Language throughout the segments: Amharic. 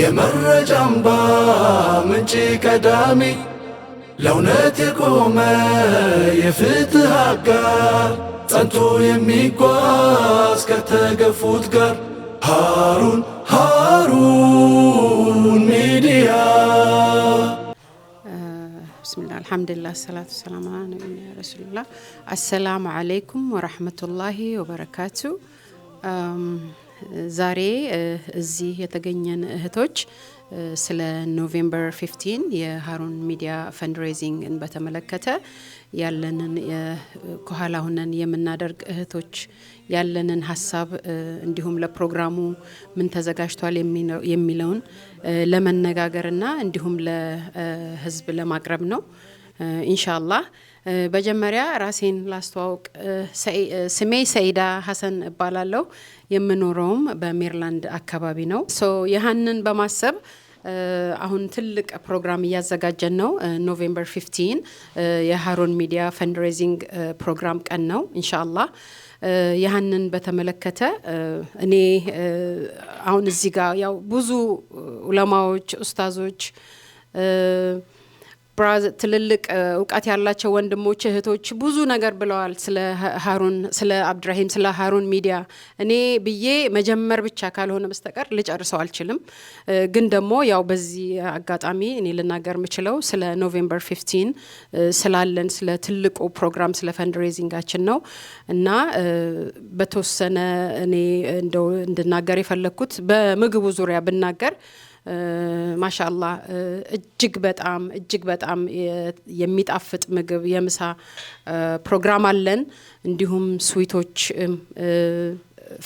የመረጃ አምባ ምንጭ ቀዳሚ ለእውነት የቆመ የፍትህ አጋር ጸንቶ የሚጓዝ ከተገፉት ጋር ሃሩን ሃሩን ሚዲያ ብስሚላ አልሐምዱሊላህ ሰላቱ ሰላም ነቢና ረሱሉላህ። አሰላሙ አለይኩም ወረሕመቱላሂ ወበረካቱ። ዛሬ እዚህ የተገኘን እህቶች ስለ ኖቬምበር 15 የሀሩን ሚዲያ ፈንድሬዚንግን በተመለከተ ያለንን ከኋላ ሁነን የምናደርግ እህቶች ያለንን ሀሳብ እንዲሁም ለፕሮግራሙ ምን ተዘጋጅቷል የሚለውን ለመነጋገርና እንዲሁም ለህዝብ ለማቅረብ ነው ኢንሻላህ። መጀመሪያ ራሴን ላስተዋውቅ። ስሜ ሰይዳ ሀሰን እባላለሁ። የምኖረውም በሜሪላንድ አካባቢ ነው። ሶ ይህንን በማሰብ አሁን ትልቅ ፕሮግራም እያዘጋጀን ነው። ኖቬምበር 15 የሀሮን ሚዲያ ፈንድሬዚንግ ፕሮግራም ቀን ነው ኢንሻአላህ። ያህንን በተመለከተ እኔ አሁን እዚህ ጋር ያው ብዙ ዑለማዎች፣ ኡስታዞች ትልልቅ እውቀት ያላቸው ወንድሞች እህቶች ብዙ ነገር ብለዋል። ስለ ሀሩን ስለ አብድራሂም ስለ ሀሩን ሚዲያ እኔ ብዬ መጀመር ብቻ ካልሆነ በስተቀር ልጨርሰው አልችልም። ግን ደግሞ ያው በዚህ አጋጣሚ እኔ ልናገር የምችለው ስለ ኖቬምበር ፊፍቲን ስላለን ስለ ትልቁ ፕሮግራም ስለ ፈንድሬዚንጋችን ነው እና በተወሰነ እኔ እንደው እንድናገር የፈለግኩት በምግቡ ዙሪያ ብናገር ማሻላ እጅግ በጣም እጅግ በጣም የሚጣፍጥ ምግብ የምሳ ፕሮግራም አለን። እንዲሁም ስዊቶች፣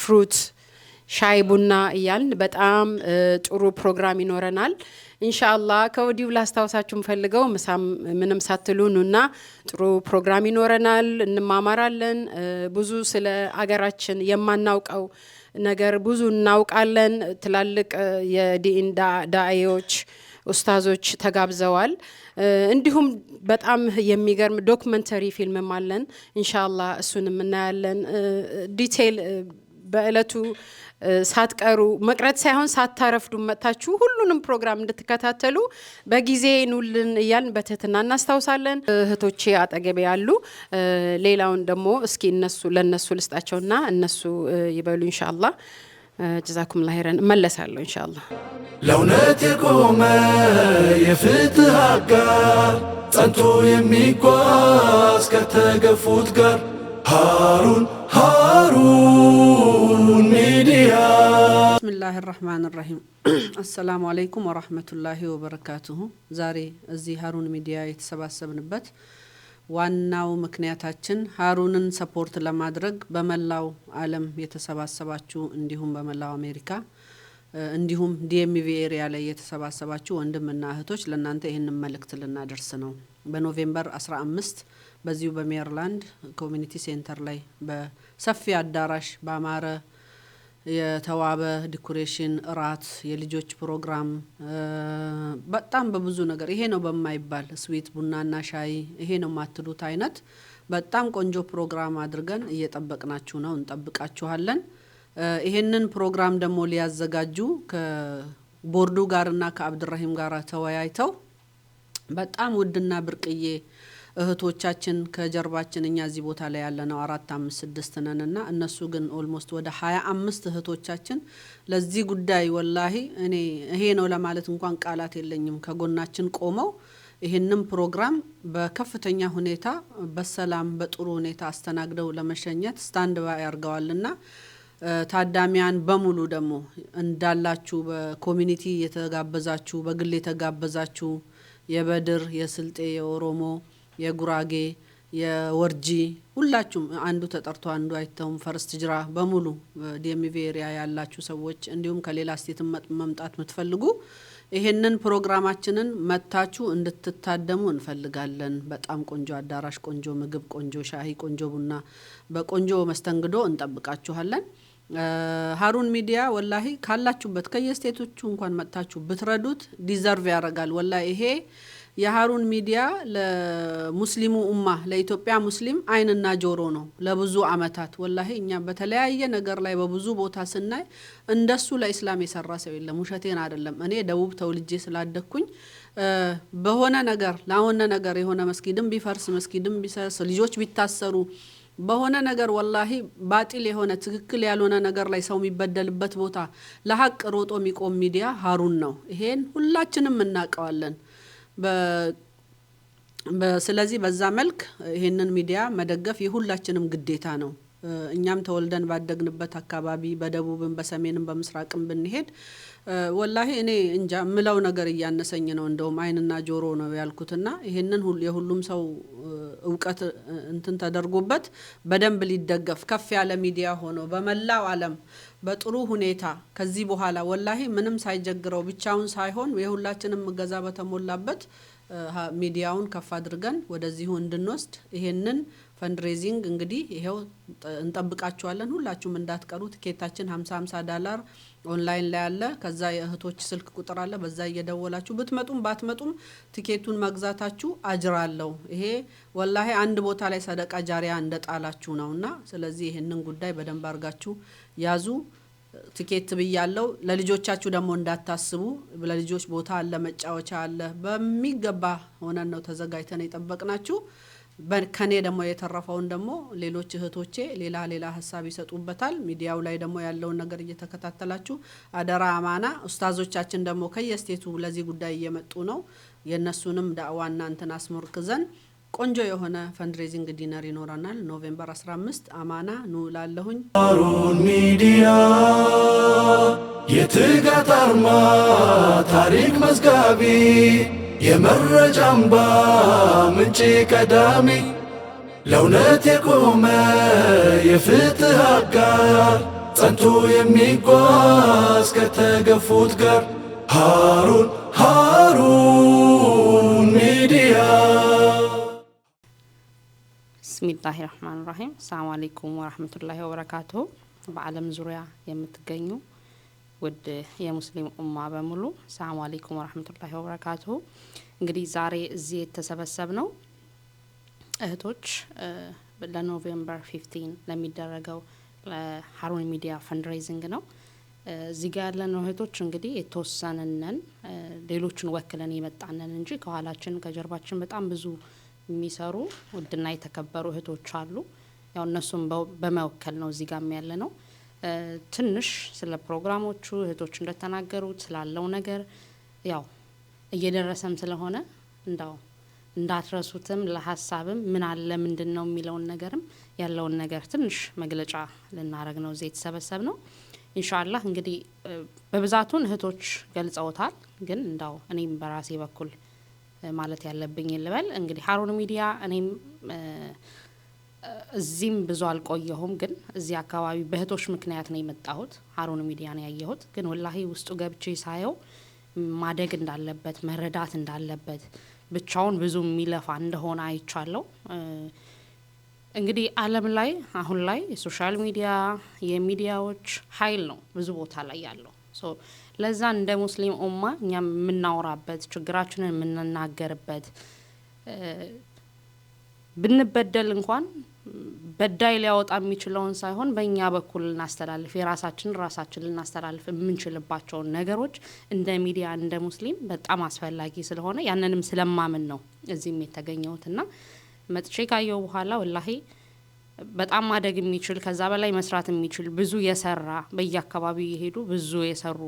ፍሩት፣ ሻይ ቡና እያልን በጣም ጥሩ ፕሮግራም ይኖረናል። እንሻላ ከወዲሁ ላስታውሳችሁ ምፈልገው ምሳም ምንም ሳትሉ ኑና ጥሩ ፕሮግራም ይኖረናል። እንማማራለን ብዙ ስለ አገራችን የማናውቀው ነገር ብዙ እናውቃለን። ትላልቅ የዲን ዳኤዎች ኡስታዞች ተጋብዘዋል። እንዲሁም በጣም የሚገርም ዶክመንተሪ ፊልምም አለን። ኢንሻላ እሱንም እናያለን ዲቴይል በእለቱ ሳትቀሩ መቅረት ሳይሆን ሳታረፍዱ መጥታችሁ ሁሉንም ፕሮግራም እንድትከታተሉ በጊዜ ኑልን እያልን በትህትና እናስታውሳለን። እህቶቼ አጠገቤ ያሉ ሌላውን ደግሞ እስኪ እነሱ ለእነሱ ልስጣቸውና እነሱ ይበሉ እንሻላ። ጀዛኩም ላ እመለሳለሁ እንሻላ። ለእውነት የቆመ የፍትህ አጋር ጸንቶ የሚጓዝ ከተገፉት ጋር ሃሩን ሃሩን ሚዲያ። ብስሚላህ ራህማን ራሂም። አሰላሙ አለይኩም ወራህመቱላሂ ወበረካቱሁ። ዛሬ እዚህ ሃሩን ሚዲያ የተሰባሰብንበት ዋናው ምክንያታችን ሃሩንን ሰፖርት ለማድረግ በመላው ዓለም የተሰባሰባችሁ እንዲሁም በመላው አሜሪካ እንዲሁም ዲኤምቪ ኤሪያ ላይ የተሰባሰባችሁ ወንድምና እህቶች ለእናንተ ይህንን መልእክት ልናደርስ ነው። በኖቬምበር 15 በዚሁ በሜሪላንድ ኮሚኒቲ ሴንተር ላይ በሰፊ አዳራሽ በአማረ የተዋበ ዲኮሬሽን፣ እራት፣ የልጆች ፕሮግራም በጣም በብዙ ነገር ይሄ ነው በማይባል ስዊት ቡናና ሻይ ይሄ ነው የማትሉት አይነት በጣም ቆንጆ ፕሮግራም አድርገን እየጠበቅናችሁ ነው፣ እንጠብቃችኋለን። ይሄንን ፕሮግራም ደግሞ ሊያዘጋጁ ከቦርዱ ጋርና ከአብድራሂም ጋር ተወያይተው በጣም ውድና ብርቅዬ እህቶቻችን ከጀርባችን እኛ እዚህ ቦታ ላይ ያለነው አራት አምስት ስድስት ነን እና እነሱ ግን ኦልሞስት ወደ ሀያ አምስት እህቶቻችን ለዚህ ጉዳይ ወላሂ እኔ ይሄ ነው ለማለት እንኳን ቃላት የለኝም። ከጎናችን ቆመው ይህንም ፕሮግራም በከፍተኛ ሁኔታ በሰላም በጥሩ ሁኔታ አስተናግደው ለመሸኘት ስታንድ ባይ አድርገዋልና ታዳሚያን በሙሉ ደግሞ እንዳላችሁ በኮሚኒቲ የተጋበዛችሁ፣ በግል የተጋበዛችሁ የበድር፣ የስልጤ፣ የኦሮሞ የጉራጌ የወርጂ ሁላችሁም አንዱ ተጠርቶ አንዱ አይተውም ፈርስት ጅራ በሙሉ ዲኤምቪ ኤሪያ ያላችሁ ሰዎች እንዲሁም ከሌላ ስቴትም መምጣት የምትፈልጉ ይሄንን ፕሮግራማችንን መታችሁ እንድትታደሙ እንፈልጋለን። በጣም ቆንጆ አዳራሽ፣ ቆንጆ ምግብ፣ ቆንጆ ሻሂ፣ ቆንጆ ቡና፣ በቆንጆ መስተንግዶ እንጠብቃችኋለን። ሀሩን ሚዲያ ወላሂ ካላችሁበት ከየስቴቶቹ እንኳን መጥታችሁ ብትረዱት ዲዘርቭ ያደርጋል። ወላሂ ይሄ የሀሩን ሚዲያ ለሙስሊሙ ኡማ ለኢትዮጵያ ሙስሊም አይንና ጆሮ ነው። ለብዙ አመታት ወላሂ እኛ በተለያየ ነገር ላይ በብዙ ቦታ ስናይ እንደሱ ለኢስላም የሰራ ሰው የለም። ውሸቴን አይደለም። እኔ ደቡብ ተውልጄ ስላደግኩኝ በሆነ ነገር ለሆነ ነገር የሆነ መስጊድም ቢፈርስ መስጊድም ቢሰርስ ልጆች ቢታሰሩ በሆነ ነገር ወላሂ ባጢል የሆነ ትክክል ያልሆነ ነገር ላይ ሰው የሚበደልበት ቦታ ለሀቅ ሮጦ የሚቆም ሚዲያ ሀሩን ነው። ይሄን ሁላችንም እናውቀዋለን። ስለዚህ በዛ መልክ ይህንን ሚዲያ መደገፍ የሁላችንም ግዴታ ነው። እኛም ተወልደን ባደግንበት አካባቢ በደቡብም በሰሜንም በምስራቅም ብንሄድ ወላሂ እኔ እንጃ ምለው ነገር እያነሰኝ ነው። እንደውም አይንና ጆሮ ነው ያልኩትና ይህንን የሁሉም ሰው እውቀት እንትን ተደርጎበት በደንብ ሊደገፍ ከፍ ያለ ሚዲያ ሆኖ በመላው ዓለም በጥሩ ሁኔታ ከዚህ በኋላ ወላሂ ምንም ሳይጀግረው ብቻውን ሳይሆን የሁላችንም እገዛ በተሞላበት ሚዲያውን ከፍ አድርገን ወደዚሁ እንድንወስድ ይሄንን ፈንድሬዚንግ እንግዲህ ይኸው እንጠብቃችኋለን። ሁላችሁም እንዳትቀሩ። ትኬታችን ሀምሳ ዳላር ኦንላይን ላይ አለ። ከዛ የእህቶች ስልክ ቁጥር አለ። በዛ እየደወላችሁ ብትመጡም ባትመጡም ትኬቱን መግዛታችሁ አጅር አለው። ይሄ ወላሂ አንድ ቦታ ላይ ሰደቃ ጃሪያ እንደጣላችሁ ነው እና ስለዚህ ይህንን ጉዳይ በደንብ አድርጋችሁ ያዙ። ትኬት ብያለው። ለልጆቻችሁ ደግሞ እንዳታስቡ። ለልጆች ቦታ አለ፣ መጫወቻ አለ። በሚገባ ሆነን ነው ተዘጋጅተን የጠበቅናችሁ። ከኔ ደግሞ የተረፈውን ደግሞ ሌሎች እህቶቼ ሌላ ሌላ ሀሳብ ይሰጡበታል። ሚዲያው ላይ ደግሞ ያለውን ነገር እየተከታተላችሁ አደራ አማና። ኡስታዞቻችን ደግሞ ከየስቴቱ ለዚህ ጉዳይ እየመጡ ነው። የእነሱንም ዳዕዋ እናንተን ዘን ቆንጆ የሆነ ፈንድሬዚንግ ዲነር ይኖረናል። ኖቬምበር 15 አማና ኑ ሃሩን ሚዲያ የትጋት አርማ ታሪክ መዝጋቢ የመረጃ አምባ ምንጭ ቀዳሚ ለእውነት የቆመ የፍትህ አጋር ጸንቶ የሚጓዝ ከተገፉት ጋር ሃሩን ሃሩን ሚዲያ። ብስሚላሂ ረህማን ራሂም። ሰላም አለይኩም ወረህመቱላሂ ወበረካቱሁ። በዓለም ዙሪያ የምትገኙ ውድ የሙስሊም ኡማ በሙሉ ሰላሙ አሌይኩም ወረህመቱላሂ ወበረካቱሁ። እንግዲህ ዛሬ እዚህ የተሰበሰብ ነው እህቶች ለኖቬምበር ፊፍቲን ለሚደረገው ለሀሩን ሚዲያ ፈንድሬዚንግ ነው። እዚህ ጋር ያለነው እህቶች እንግዲህ የተወሰንነን ሌሎችን ወክለን የመጣነን እንጂ ከኋላችን ከጀርባችን በጣም ብዙ የሚሰሩ ውድና የተከበሩ እህቶች አሉ። ያው እነሱም በመወከል ነው እዚህ ጋር ያለ ነው። ትንሽ ስለ ፕሮግራሞቹ እህቶች እንደተናገሩት ስላለው ነገር ያው እየደረሰም ስለሆነ እንዳው እንዳትረሱትም ለሀሳብም ምን አለ ምንድን ነው የሚለውን ነገርም ያለውን ነገር ትንሽ መግለጫ ልናደረግ ነው እዚህ የተሰበሰብ ነው። ኢንሻላህ እንግዲህ በብዛቱን እህቶች ገልጸውታል። ግን እንዳው እኔም በራሴ በኩል ማለት ያለብኝ ልበል እንግዲህ ሀሩን ሚዲያ እኔም እዚህም ብዙ አልቆየሁም፣ ግን እዚህ አካባቢ በእህቶች ምክንያት ነው የመጣሁት። ሀሩን ሚዲያ ነው ያየሁት፣ ግን ወላሂ ውስጡ ገብቼ ሳየው ማደግ እንዳለበት መረዳት እንዳለበት ብቻውን ብዙ የሚለፋ እንደሆነ አይቻለሁ። እንግዲህ ዓለም ላይ አሁን ላይ የሶሻል ሚዲያ የሚዲያዎች ኃይል ነው ብዙ ቦታ ላይ ያለው። ለዛ እንደ ሙስሊም ኡማ እኛም የምናወራበት ችግራችንን የምንናገርበት ብንበደል እንኳን በዳይ ሊያወጣ የሚችለውን ሳይሆን በእኛ በኩል ልናስተላልፍ የራሳችንን ራሳችን ልናስተላልፍ የምንችልባቸውን ነገሮች እንደ ሚዲያ እንደ ሙስሊም በጣም አስፈላጊ ስለሆነ ያንንም ስለማምን ነው እዚህም የተገኘሁት እና መጥቼ ካየው በኋላ ወላሂ በጣም ማደግ የሚችል ከዛ በላይ መስራት የሚችል ብዙ የሰራ በየአካባቢው የሄዱ ብዙ የሰሩ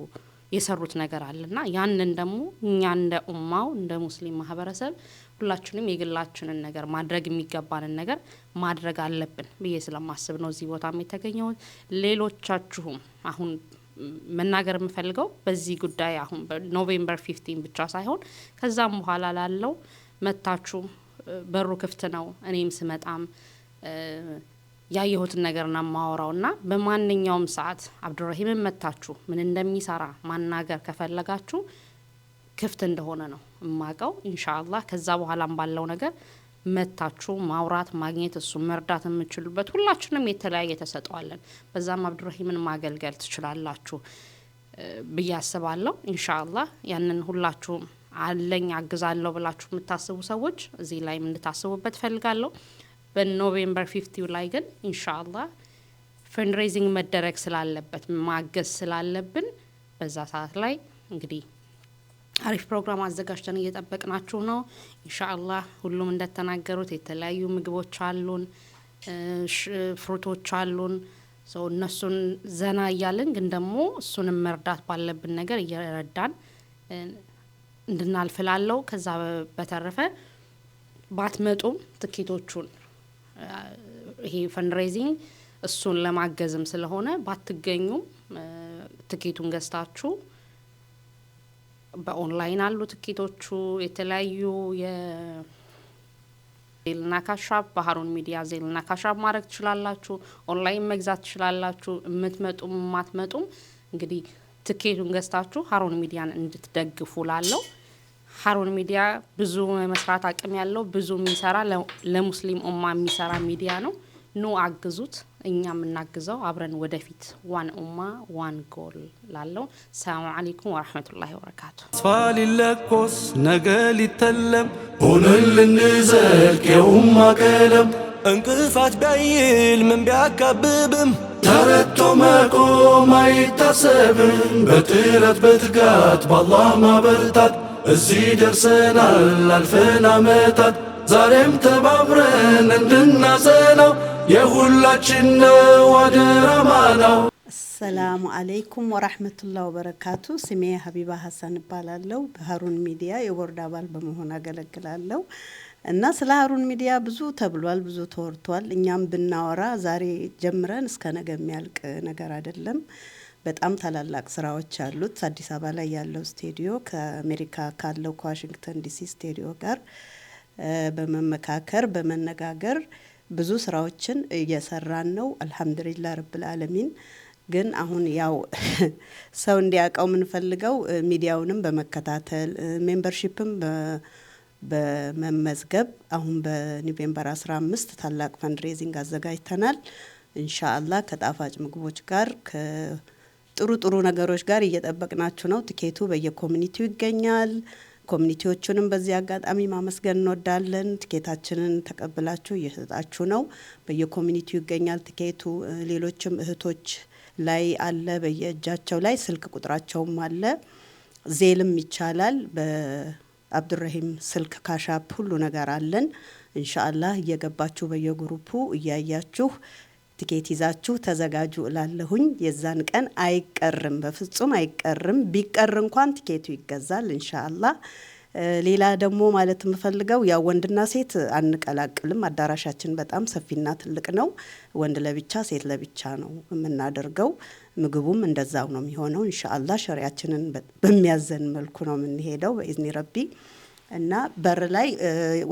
የሰሩት ነገር አለ ያንን ደግሞ እኛ እንደ ኡማው እንደ ሙስሊም ማህበረሰብ ሁላችንም የግላችንን ነገር ማድረግ የሚገባንን ነገር ማድረግ አለብን ብዬ ስለማስብ ነው እዚህ ቦታም የተገኘው ሌሎቻችሁም አሁን መናገር የምፈልገው በዚህ ጉዳይ አሁን ኖቬምበር ፊፍቲን ብቻ ሳይሆን ከዛም በኋላ ላለው መታችሁ በሩ ክፍት ነው። እኔም ስመጣም ያየሁትን ነገር ና ማወራው ና በማንኛውም ሰዓት አብዱራሂምን መታችሁ ምን እንደሚሰራ ማናገር ከፈለጋችሁ ክፍት እንደሆነ ነው የማውቀው። ኢንሻአላህ ከዛ በኋላም ባለው ነገር መታችሁ ማውራት ማግኘት እሱ መርዳት የምችሉበት ሁላችንም የተለያየ ተሰጠዋለን። በዛም አብዱራሂምን ማገልገል ትችላላችሁ ብዬ አስባለሁ። ኢንሻአላህ ያንን ሁላችሁም አለኝ አግዛለሁ ብላችሁ የምታስቡ ሰዎች እዚህ ላይ እንድታስቡበት ፈልጋለሁ። በኖቬምበር ፊፍቲው ላይ ግን ኢንሻአላህ ፈንድሬዚንግ መደረግ ስላለበት ማገዝ ስላለብን በዛ ሰዓት ላይ እንግዲህ አሪፍ ፕሮግራም አዘጋጅተን እየጠበቅናችሁ ነው። ኢንሻአላህ ሁሉም እንደተናገሩት የተለያዩ ምግቦች አሉን፣ ፍሩቶች አሉን። ሰው እነሱን ዘና እያልን ግን ደግሞ እሱንም መርዳት ባለብን ነገር እየረዳን እንድናልፍላለው። ከዛ በተረፈ ባትመጡም ትኬቶቹን ይሄ ፈንድሬዚንግ እሱን ለማገዝም ስለሆነ ባትገኙም ትኬቱን ገዝታችሁ በኦንላይን አሉ ትኬቶቹ የተለያዩ ዜልና ካሻፕ ባህሩን ሚዲያ ዜልና ካሻፕ ማድረግ ትችላላችሁ። ኦንላይን መግዛት ትችላላችሁ። የምትመጡም የማትመጡም እንግዲህ ትኬቱን ገዝታችሁ ሀሩን ሚዲያን እንድትደግፉ ላለው ሀሩን ሚዲያ ብዙ የመስራት አቅም ያለው ብዙ የሚሰራ ለሙስሊም ኡማ የሚሰራ ሚዲያ ነው። ኑ አግዙት፣ እኛም የምናግዘው አብረን ወደፊት። ዋን ኡማ ዋን ጎል ላለው ሰላሙ አለይኩም ወረሕመቱላሂ ወበረካቱ። ተስፋ ሊለኮስ ነገ ሊተለም ሆነን ልንዘልቅ የኡማ ቀለም እንቅፋት ቢያይል ምን ቢያካብብም ተረቶ መቆም አይታሰብም። በጥረት በትጋት በአላህ ማበርታት እዚህ ደርሰናል አልፈን አመታት ዛሬም ተባብረን እንድናዘነው። የሁላችን ነው አደራማናው። አሰላሙ አለይኩም ወራህመቱላህ ወበረካቱ። ስሜ ሀቢባ ሀሰን እባላለሁ። በሀሩን ሚዲያ የቦርድ አባል በመሆን አገለግላለሁ እና ስለ ሀሩን ሚዲያ ብዙ ተብሏል፣ ብዙ ተወርቷል። እኛም ብናወራ ዛሬ ጀምረን እስከ ነገ የሚያልቅ ነገር አይደለም። በጣም ታላላቅ ስራዎች አሉት። አዲስ አበባ ላይ ያለው ስቴዲዮ ከአሜሪካ ካለው ከዋሽንግተን ዲሲ ስቴዲዮ ጋር በመመካከር በመነጋገር ብዙ ስራዎችን እየሰራን ነው። አልሐምዱሊላ ረብል አለሚን። ግን አሁን ያው ሰው እንዲያውቀው የምንፈልገው ሚዲያውንም በመከታተል ሜምበርሺፕም በመመዝገብ አሁን በኖቬምበር 15 ታላቅ ፈንድሬዚንግ አዘጋጅተናል። እንሻአላ ከጣፋጭ ምግቦች ጋር ከጥሩ ጥሩ ነገሮች ጋር እየጠበቅናችሁ ነው። ትኬቱ በየኮሚኒቲው ይገኛል። ኮሚኒቲዎቹንም በዚህ አጋጣሚ ማመስገን እንወዳለን። ትኬታችንን ተቀብላችሁ እየሰጣችሁ ነው። በየኮሚኒቲው ይገኛል ትኬቱ። ሌሎችም እህቶች ላይ አለ፣ በየእጃቸው ላይ ስልክ ቁጥራቸውም አለ። ዜልም ይቻላል። በአብዱራሂም ስልክ ካሻፕ ሁሉ ነገር አለን። እንሻአላህ እየገባችሁ በየግሩፑ እያያችሁ ትኬት ይዛችሁ ተዘጋጁ እላለሁኝ። የዛን ቀን አይቀርም፣ በፍጹም አይቀርም። ቢቀር እንኳን ትኬቱ ይገዛል እንሻአላ። ሌላ ደግሞ ማለት የምፈልገው ያው ወንድና ሴት አንቀላቅልም። አዳራሻችን በጣም ሰፊና ትልቅ ነው። ወንድ ለብቻ ሴት ለብቻ ነው የምናደርገው። ምግቡም እንደዛው ነው የሚሆነው። እንሻአላ ሸሪያችንን በሚያዘን መልኩ ነው የምንሄደው በኢዝኒ ረቢ እና በር ላይ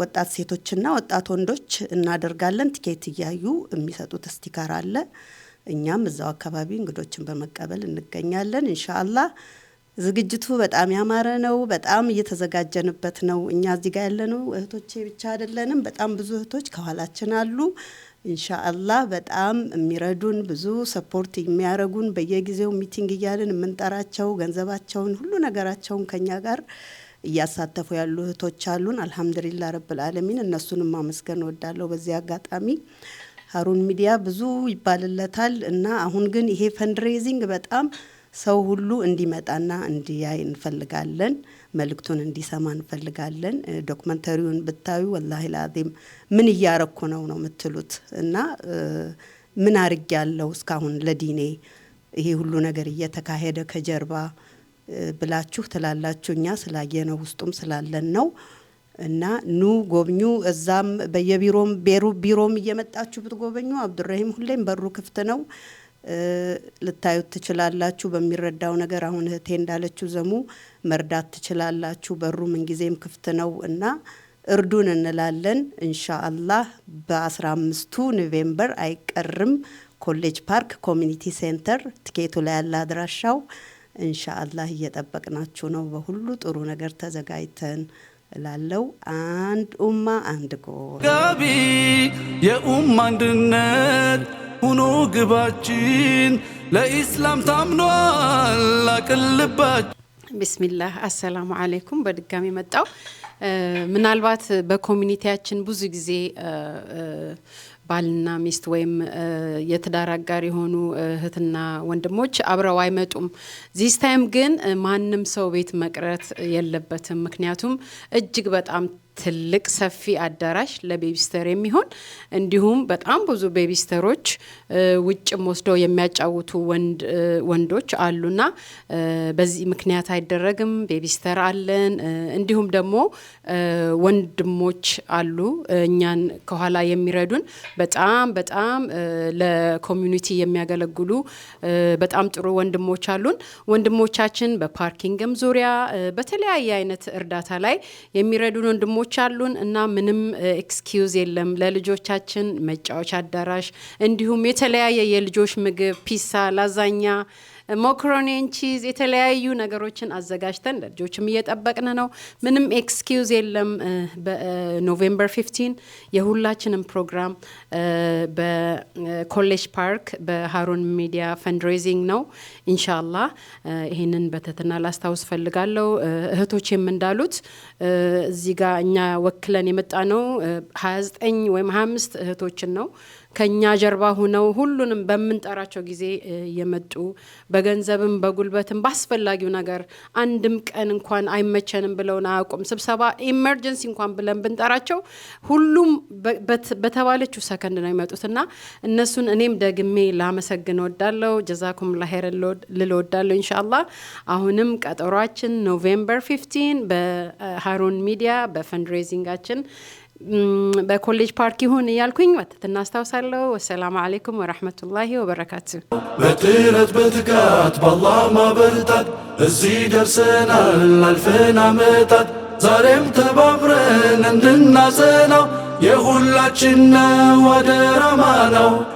ወጣት ሴቶችና ወጣት ወንዶች እናደርጋለን። ትኬት እያዩ የሚሰጡት ስቲከር አለ። እኛም እዛው አካባቢ እንግዶችን በመቀበል እንገኛለን። እንሻላ ዝግጅቱ በጣም ያማረ ነው። በጣም እየተዘጋጀንበት ነው። እኛ እዚህ ጋር ያለነው እህቶቼ ብቻ አይደለንም። በጣም ብዙ እህቶች ከኋላችን አሉ። እንሻአላህ በጣም የሚረዱን ብዙ ሰፖርት የሚያደርጉን በየጊዜው ሚቲንግ እያልን የምንጠራቸው ገንዘባቸውን ሁሉ ነገራቸውን ከኛ ጋር እያሳተፉ ያሉ እህቶች አሉን። አልሐምዱሊላ ረብል አለሚን እነሱንም ማመስገን ወዳለሁ በዚህ አጋጣሚ ሀሩን ሚዲያ ብዙ ይባልለታል እና አሁን ግን ይሄ ፈንድሬዚንግ በጣም ሰው ሁሉ እንዲመጣና እንዲያይ እንፈልጋለን። መልእክቱን እንዲሰማ እንፈልጋለን። ዶክመንተሪውን ብታዩ ወላሂ ላዚም ምን እያረኩ ነው ነው የምትሉት እና ምን አርግ ያለው እስካሁን ለዲኔ ይሄ ሁሉ ነገር እየተካሄደ ከጀርባ ብላችሁ ትላላችሁ። እኛ ስላየነው ውስጡም ስላለን ነው እና ኑ ጎብኙ። እዛም በየቢሮም ቤሩ ቢሮም እየመጣችሁ ብትጎበኙ አብዱራሂም ሁሌም በሩ ክፍት ነው ልታዩት ትችላላችሁ። በሚረዳው ነገር አሁን እህቴ እንዳለችው ዘሙ መርዳት ትችላላችሁ። በሩ ምንጊዜም ክፍት ነው እና እርዱን እንላለን። እንሻ አላህ በ ኖቬምበር አይቀርም። ኮሌጅ ፓርክ ኮሚኒቲ ሴንተር፣ ትኬቱ ላይ ያለ አድራሻው እንሻአላህ እየጠበቅናችሁ ነው። በሁሉ ጥሩ ነገር ተዘጋጅተን ላለው አንድ ኡማ አንድ ጎል ጋቢ የኡማ አንድነት ሁኖ ግባችን ለኢስላም ታምኗል አቅልባችን። ቢስሚላህ አሰላሙ አሌይኩም በድጋሚ መጣው። ምናልባት በኮሚኒቲያችን ብዙ ጊዜ ባልና ሚስት ወይም የትዳር አጋር የሆኑ እህትና ወንድሞች አብረው አይመጡም። ዚስ ታይም ግን ማንም ሰው ቤት መቅረት የለበትም። ምክንያቱም እጅግ በጣም ትልቅ ሰፊ አዳራሽ ለቤቢስተር የሚሆን እንዲሁም በጣም ብዙ ቤቢስተሮች ውጭም ወስደው የሚያጫውቱ ወንዶች አሉና በዚህ ምክንያት አይደረግም። ቤቢስተር አለን። እንዲሁም ደግሞ ወንድሞች አሉ እኛን ከኋላ የሚረዱን በጣም በጣም ለኮሚኒቲ የሚያገለግሉ በጣም ጥሩ ወንድሞች አሉን። ወንድሞቻችን በፓርኪንግም ዙሪያ በተለያየ አይነት እርዳታ ላይ የሚረዱን ወንድሞች ልጆች አሉን እና ምንም ኤክስኪውዝ የለም ለልጆቻችን መጫወቻ አዳራሽ፣ እንዲሁም የተለያየ የልጆች ምግብ፣ ፒሳ፣ ላዛኛ ሞክሮኒን ቺዝ፣ የተለያዩ ነገሮችን አዘጋጅተን ለልጆችም እየጠበቅን ነው። ምንም ኤክስኪውዝ የለም። በኖቬምበር 15 የሁላችንም ፕሮግራም በኮሌጅ ፓርክ በሀሩን ሚዲያ ፈንድሬዚንግ ነው። ኢንሻላ ይህንን በትህትና ላስታውስ ፈልጋለሁ። እህቶች እንዳሉት እዚህ ጋር እኛ ወክለን የመጣ ነው 29 ወይም 25 እህቶችን ነው ከኛ ጀርባ ሁነው ሁሉንም በምንጠራቸው ጊዜ የመጡ በገንዘብም በጉልበትም በአስፈላጊው ነገር አንድም ቀን እንኳን አይመቸንም ብለውን አያውቁም። ስብሰባ ኢመርጀንሲ እንኳን ብለን ብንጠራቸው ሁሉም በተባለችው ሰከንድ ነው ይመጡት እና እነሱን እኔም ደግሜ ላመሰግን ወዳለው ጀዛኩም ላሄር ልለወዳለሁ እንሻላ አሁንም ቀጠሯችን ኖቬምበር 15 በሀሩን ሚዲያ በፈንድሬዚንጋችን በኮሌጅ ፓርክ ይሁን እያልኩኝ ወተት እናስታውሳለሁ። ወሰላሙ አሌይኩም ወረሕመቱላሂ ወበረካቱ። በጥረት በትጋት በአላህ ማበርታት እዚህ ደርሰናል አልፈን ዓመታት ዛሬም ተባብረን እንድናጸናው የሁላችን ነው አደራ ማናው